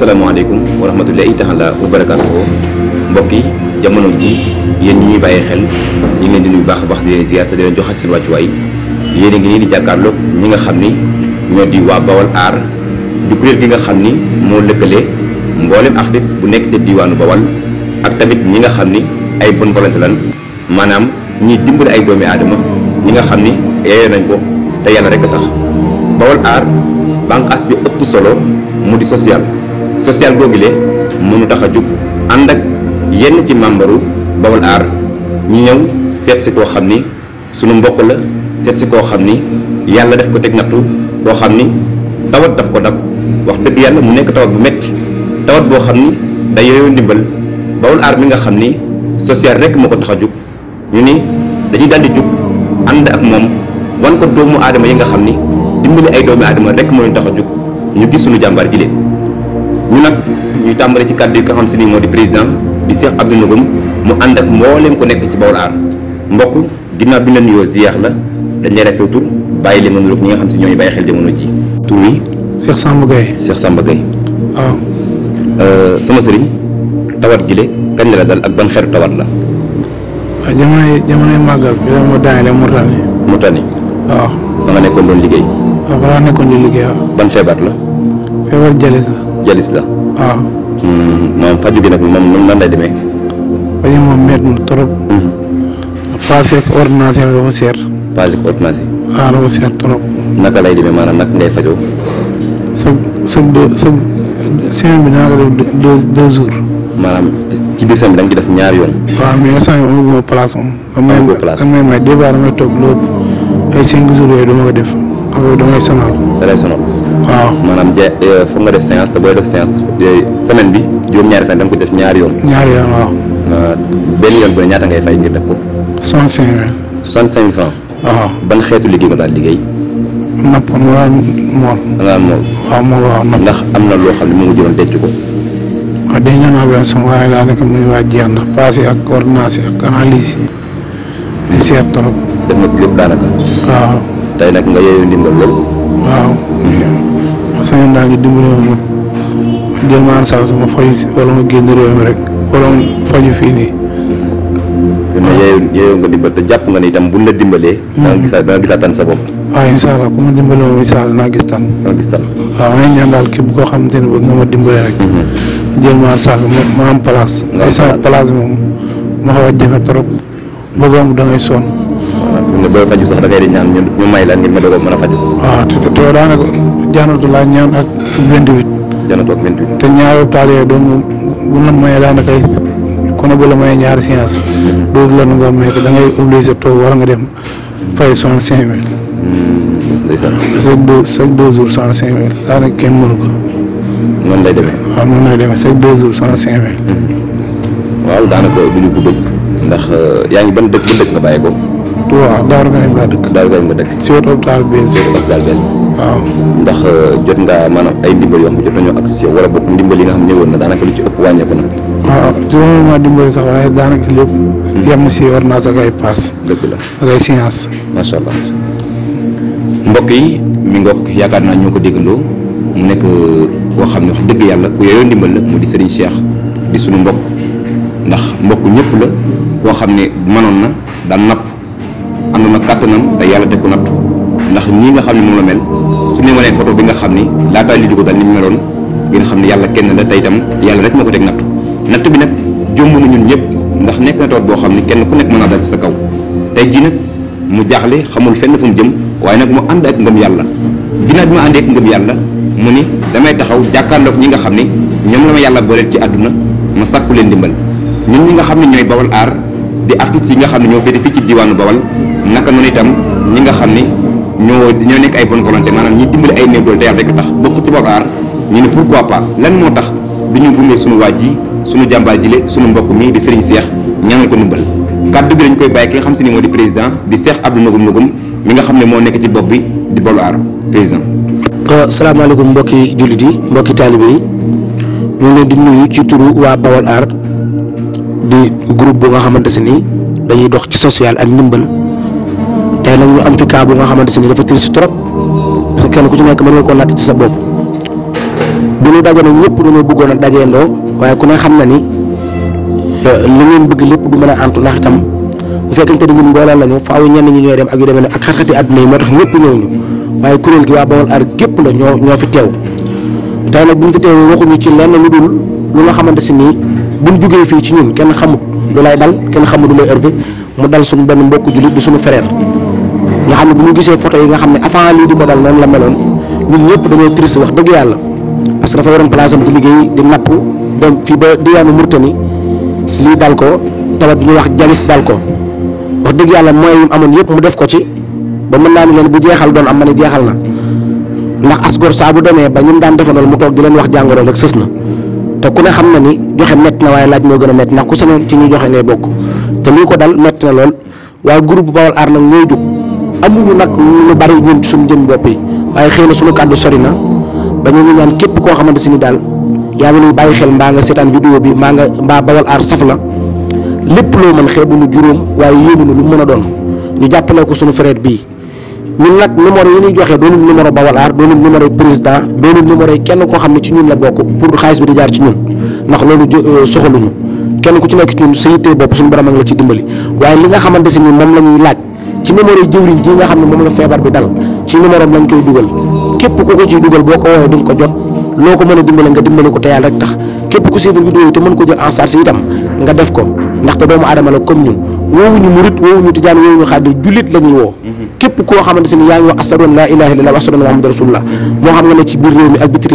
asalaamaaleykum wa rahmatullahi taala wa barakaatuhu mbokk yi jamono ji yéen ñi ñuy bàyyi xel ñi ngi leen di nuyu baax a baax di leen ziar te di leen joxaat seen wàccuwaay yéen ngi nii di jàkkaarloog ñi nga xam ni ñoo di waa Bawal aar du kuréel gi nga xam ni moo lëkkale mboolem artiste bu nekk diwaanu Bawal ak tamit ñi nga xam ni ay bonne volonté lan maanaam ñiy dimbali ay doomi aadama ñi nga xam ni yeyoo nañ ko te yàlla rek a tax Bawal aar bànqaas bi ëpp solo mu di social social googule mënu tax a jug ànd ak yenn ci membre Baol Aar ñu ñëw seet si koo xam ni sunu mbokk la seet koo xam ni yàlla def ko teg nattu koo xam ni tawat daf ko dab wax dëgg yàlla mu nekk tawat bu metti tawat boo xam ni day yooyu ndimbal Baol Aar mi nga xam ni social rek moo ko tax a jug ñu ni dañuy daldi jug ànd ak moom wan ko doomu aadama yi nga xam ni dimbali ay doomu aadama rek moo leen tax a jug ñu gis sunu jàmbaar ji leen ñu nak ñu tàmbale ci cadre yi nga xam ci ni modi président di Cheikh Abdou Nougoum mu and ak mbooleem ko nek ci Baol Aar mbokk dina bi len yo ziyaar la dañ lay resew tur bàyyi leen mënu ñi nga xam ci ñoy bàyyi xel de jamono ji tour wi Cheikh Samba gay Cheikh Samba ah euh sama serigne tawat gi le kan la dal ak ban xer tawat la waaw jamonoy magal bi mo mu daanele mu tane mu tane waaw da nga nekkon doon liggéey waaw balaa nekkon di liggéey ban feebar la feebar jalis la jalis la. waaw. Ah. Hmm, moom faju gi nag moom nan lay demee. faju moom métti na trop. Hmm. paase ak ordonnance la dafa seer. paase ak ordonnance. waaw ah, dafa seer trop. naka lay demee maanaam nag ngay fajoo. sa sa sa semaine bi naa def deux deux jours. maanaam ci biir semaine bi ci def ñaari yoon. waaw mais instant yii amagu ma place moom. amagu ma place damay may loolu ay cinq jours yooyu dama ko def affaire damay sonal. da lay waaw maanaam je euh, foog nga def séance te booy def séance euh, semaine bi juróom-ñaari fan da ko def ñaari yoon. ñaari yoon waaw. Euh, benn yoon bu ne ñaata ngay fay ngir def ko. soixante cinq mille. soixante xeetu liggéey nga ndax am na loo xam ko. waaw ak ordonnance ak analyse yi. seet trop. def na lépp daanaka. waaw. tey nag nga yooyu ndimbal lool. waaw. Mm-hmm. sañoon daa ngi dimbali ma jël ma en charge ma faju si wala ma génn réew ma faju fii nii. waaw dimbal te jàpp nga ni itam buñ la moom hmm. koo xamante ne bëgg rek. Hmm. jël ma en charge a jafe trop. bëggoon faju sax da ngay ñaan ñu may la ngir nga doog a mën a faju. waaw te te daanaka. jaanatu laa ñaan ak 28. jaanatu te ñaari hôpital yooyu doon bu la mayee daanaka kon bu la mayee ñaari séance. loolu la nga may ko da ngay toog war nga dem fay soixante cinq mille. Hmm, ndeysaan. chaque deux chaque deux kenn mënu ko. noonu lay demee. waaw noonu lay demee chaque deux jours soixante cinq mille. Hmm. ndax euh, yaa ngi ban dëkk ban dëkk nga bàyyi ko. waaw Daaru Karim laa si wetu hôpital bees. si ndax eh, jot nga manam ay dimbal yo xam ne jot nañoo accès wala boog dimbal yi nga xam ne ñëwoon na daanaka lu ci ëpp ko na. waaw ah, ah, juróomi maa dimbali sax waaye daanaka lépp. ci hmm. yor na sax ay pass deug la ay science. sha allah mbokk yi mi ngoog yaakaar na ñoko ko mu nek eh, ko xam ne wax dëgg yalla ku yeyoo dimbal la mu di Serigne Cheikh di suñu mbokk ndax mbokk ñëpp la ko xam ne mënoon na da nap àndoon na kàttanam te yàlla teg ndax nii nga xam ne moom la mel su ne ma leen photo bi nga xam ni laataa lii di ko dal ni mu meloon ngeen xam ne yàlla kenn la tey tam yàlla rek moo ko teg natt natt bi nag jomb na ñun ñëpp ndax nekk na tawat boo xam ne kenn ku nekk mën naa dal ci sa kaw tey jii nag mu jaaxle xamul fenn fu mu jëm waaye nag mu ànd ak ngëm yàlla ginnaaw bi ma àndee ak ngëm yàlla mu ni damay taxaw jàkkaarloog ñi nga xam ne ñoom la ma yàlla booleel ci àdduna ma sàkku leen dimbal ñun nga xam ne ñooy bawal aar di artistes yi nga xam ne ñoo ci diwaanu bawal naka noonu itam ñi nga xam ni ñoo ñoo nekk ay bonne volonté maanaam ñi dimbali ay néew doole rek tax bokk ci bokkaar ñu ne pourquoi pas lan moo tax du ñu gunge sunu waa ji sunu jàmbaar mbokk mi di Serigne Cheikh ñaanal ko ndimbal kaddu bi dañ koy bàyyi ki nga xam si ni moo di président di Cheikh Abdou Nugum Nugum mi nga xam ne moo nekk ci bi di euh, mbokki mbokki ñu leen di nuyu ci turu bawal di groupe bu nga dañuy dox ci social ak tey am fi cas nga xamante si ni dafa triste trop parce que kenn ku ci nekk mën nga koo natt ci sa bopp bi ñu daje nag ñëpp dañoo bëggoon a dajeendoo waaye ku ne xam na ni euh, li ngeen bëgg lépp du mën a antu ndax itam bu fekkente ni ñun mbooloo lañu faaw ñenn ñi ñooy dem ak yu demee ne ak xarxati àdduna yi moo tax ñëpp ñëw waaye kuréel gi waa Bawol Art képp la ñoo ñoo fi teew tey nag bu ñu fi teewee waxuñu ci lenn lu dul lu nga xamante si nii buñ jógee fii ci ñun kenn xamut lu dal kenn xamut lu lay ërve mu dal suñu benn mbokku jullit di suñu frère nga xamne bu ñu gisee photo yi nga xamne avant lii di ko dal noonu la meloon ñun ñëpp dañoo triste wax dëgg yàlla parce que dafa waroon place am di liggéey di napp dem fii ba diwaanu murtani lii dal ko tawat bi ñu wax jalis dal ko wax dëgg yàlla mooy yim amoon yëpp mu def ko ci ba mën naa ni leen bu jeexal doon am ma ne jeexal na ndax asgor saa bu demee ba ñum daan defandool mu toog di leen wax jàngoro rek sës na te ku ne xam na ni joxe met na waaye laaj moo gën a mett ndax ku sañoon ci ñu joxe ngay bokk te lii ko dal met na lool waaye groupe bawal ar nag ñooy jug amuñu nak lu bari ñun suñu jëm bopé waye xéena suñu kaddu sori na ba ñu ñaan képp ko xamante si ni daal yaa ngi nuy bàyyi xel mbaa nga seetaan vidéo bi mbaa nga mbaa bawal ar safla lepp lo loo mën xeebu nu juróom waaye yéemu ñu lu mëna doon ñu jappalé ko suñu frère bi ñun nak numéro yi ñuy joxé doon numéro bawal ar doon numéro président doon numéro kenn ko xamni ci ñun la bokku pour xaliss bi di jaar ci ñun ndax loolu euh, soxaluñu kenn ku ci nekk ci ñun sa yittee bopp suñu borom a la ci dimbali waye li nga xamante si ni moom la laaj ci numéro jëwriñ ji nga xam ne moom la feebar bi dal ci numéro lañ koy dugal képp ku ko ciy dugal boo ko woowee di ko jot loo ko mën a dimbale nga dimbale ko te yàlla rek tax képp ku suivre vidéo yi te mën ko jël en charge itam nga def ko ndaxte doomu aadama la comme ñun woowuñu murit woowuñu tijaan woowuñu xaadir jullit la ñuy woo képp koo xamante ni yaa ngi wax ashadu an laa ilaaha illallaah wa ashadu anna muhammadan rasulullah moo xam nga ne ci biir réew mi ak biti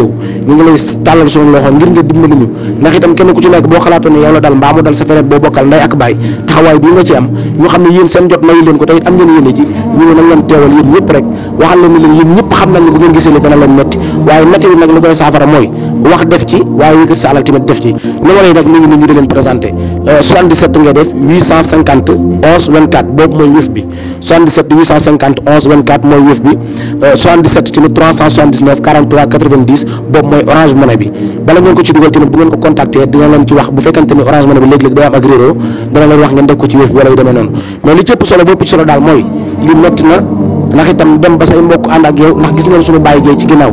ngi lay tàllal suñu loxo ngir nga dimbali ñu ndax itam kenn ku ci nekk boo xalaatoon ne la dal mbaa dal sa feneen boo bokkal nday ak baay taxawaay bii nga ci am ñu xam ne yéen seen jot mayu leen ko tey it am ngeen yéene ji ñu ne nañ leen teewal yéen ñëpp rek waxal leen leen yéen ñëpp xam nañ ne ngeen gisee wax def ci waye yëkkati sa alal tamit def ci numéro yi nag mi ñu di leen présenter euh, 77 ngay def 850 11 24 boobu moy wif bi 77 850 11 24 moy wif bi 77 euh, tamit 379 43 90 boobu moy orange money bi bala ngeen ko ci duggal tamit bu ngeen ko contacté dina leen ci wax bu fekkante ni orange money bi leg leg day am ak réeróo dana leen wax ngeen def ko ci wif bi wala yu demee noonu mais li ci ëpp solo bop ci solo dal moy li metti na nak itam dem ba say mbokk and ak yow nak gis ngeen suñu baye ge ci ginaaw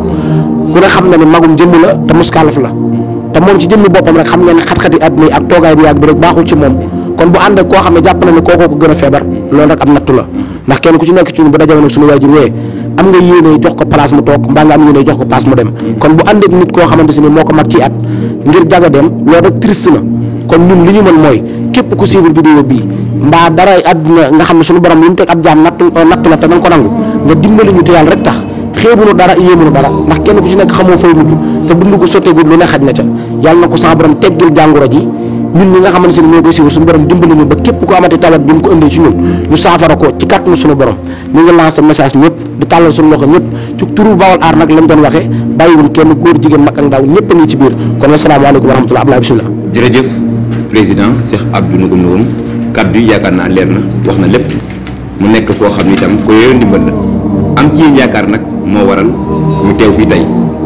ku ne xam na ni magum jëmm la te muskalaf la te moom ci jëmmi boppam rek xam nga ni xat-xati at mi ak toogaay bi ak bi rek baaxul ci moom kon bu ànd ak koo xam ne jàpp na ni kookoo ko gën a feebar loolu rek am nattu la ndax kenn ku ci nekk ci ñun bu dajale nag suñu waajur wee am nga yéene jox ko place mu toog mbaa nga am yéene jox ko place mu dem kon bu ànd ak nit koo xamante si ni moo ko mag ci at ngir jaga dem loolu rek triste na kon ñun li ñu mën mooy képp ku suivre vidéo bii mbaa dara àdduna nga xam ne suñu borom li mu teg ab jaam nattu nattu la te ko nangu nga dimbali ñu te yàlla rek tax xeebunu dara yéemunu dara ndax kenn ku ci nekk xamoo fay mujj te dund ko sotteegul lu ne xaj na ca yàlla na ko sa borom teggil ji ñun ñi nga xamante ne ñoo koy siiw suñu borom képp ko amati tawat bi mu ko indee ci ñun ñu saafara ko ci kàttanu suñu message ñëpp di tàllal suñu loxo ñëpp ci turu bawal aar nag lañ góor jigéen mag ak ndaw a ngi ci biir kon asalaamaaleykum wa rahmatulah abdoulaye bisimilah jërëjëf président Cheikh Abdou Nougoum Nougoum yaakaar naa leer na wax na lépp mu nekk koo xam ne itam ko yooyu ndimbal la am ci yéen yaakaar nag moo waral ñu teew fii tey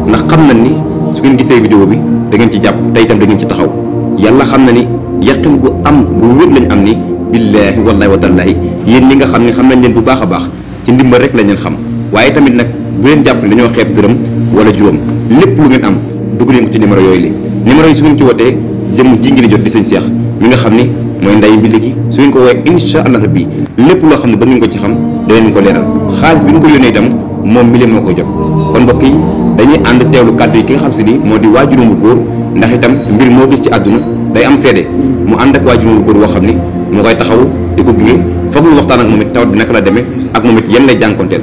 ndax xam nañ ni su ngeen gisee vidéo bi da ngeen ci jàpp tey itam da ci taxaw yàlla xam na ni yàqin gu am gu wér lañ am ni billaahi wallaahi wa tallaahi yéen ñi nga xam ne xam nañ leen bu baax a baax ci ndimbal rek lañ leen xam waaye tamit nag bu leen jàpp ne dañoo xeeb dërëm wala juróom lépp lu ngeen am dugg leen ko ci numéro yooyu li numéro yi su ngeen ci wootee jëm ji ngeen jot di sëñ seex mi nga xam ni mooy nday bi léegi su ngeen ko woowee incha allah rabbi loo xam ne ba ngeen ko ci xam danañ ko leeral xaalis bi ñu ko yónnee moom mi leen moo ko jot kon mbokk yi dañuy ànd teewlu kàddu yi ki nga xam si ni moo di waajuram bu góor ndax itam mbir moo gis ci àdduna day am seede mu ànd ak waajuram bu góor woo xam ni moo koy taxaw di ko gunge foog ñu waxtaan ak moom it tawat bi naka la demee ak moom it yéen lay jànkonteel.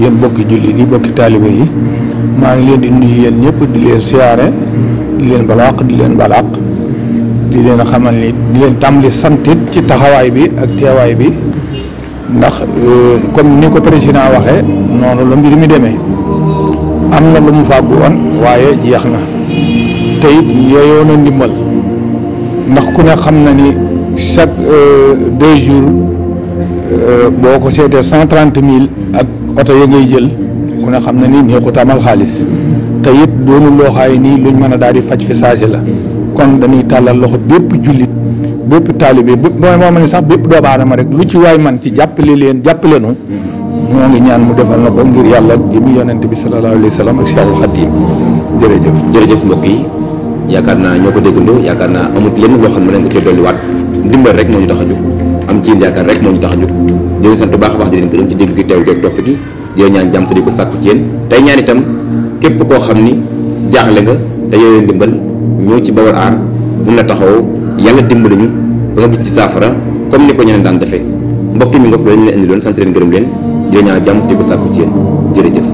yéen bokki jullit yi bokki taaliba yi maa ngi leen di nuyu yéen ñëpp di leen siyaare di leen balaaq di leen balaaq di leen xamal ni di leen tàmbali santit ci taxawaay bi ak bi. ndax comme ni ko président waxee noonu la mbir mi demee am na lu mu fagu won waaye jeexna tay yoyo na ndimbal ndax ku ne xamna ni chaque deux jours boo ko seetee cent ak auto ye ngay jël ku ne xamna ni neexut tamal xaliss tayit doonu lo xay ni luñu mëna mën fajj fi saasi la kon dañuy talal loxo bépp julit bépp talibé moy mooy moo sax bépp doomu aadama rek lu ci way man ci jàppale leen jàppale nu mo ngi ñaan mu defal na ko ngir yalla gi mu yonent bi sallallahu alayhi wasallam ak Cheikhul Khadim jërëjëf jërëjëf mbokk yi yakarna ñoko ñoo yakarna amut lenn lo xam ne mën nañ ko cee dolliwaat rek moñu taxaju am ci yaakaar rek moñu taxaju tax di leen sant bu baax baax di leen gërëm ci déglu gi tew gi ak gi di ñaan jàmm te di ko sàkku ci yéen tay ñaan itam képp ko xamni ni nga da yooyu dimbal ñoo ci bawal Aar buñ la taxawoo yàlla dimbali ñu ba nga gis ci saafara comme ni ko ñeneen daan defee mbokk mi nga ko lañ leen indi loon sant leen gërëm leen di leen ñaanal jàmm di ko sàkku ci yéen jërëjëf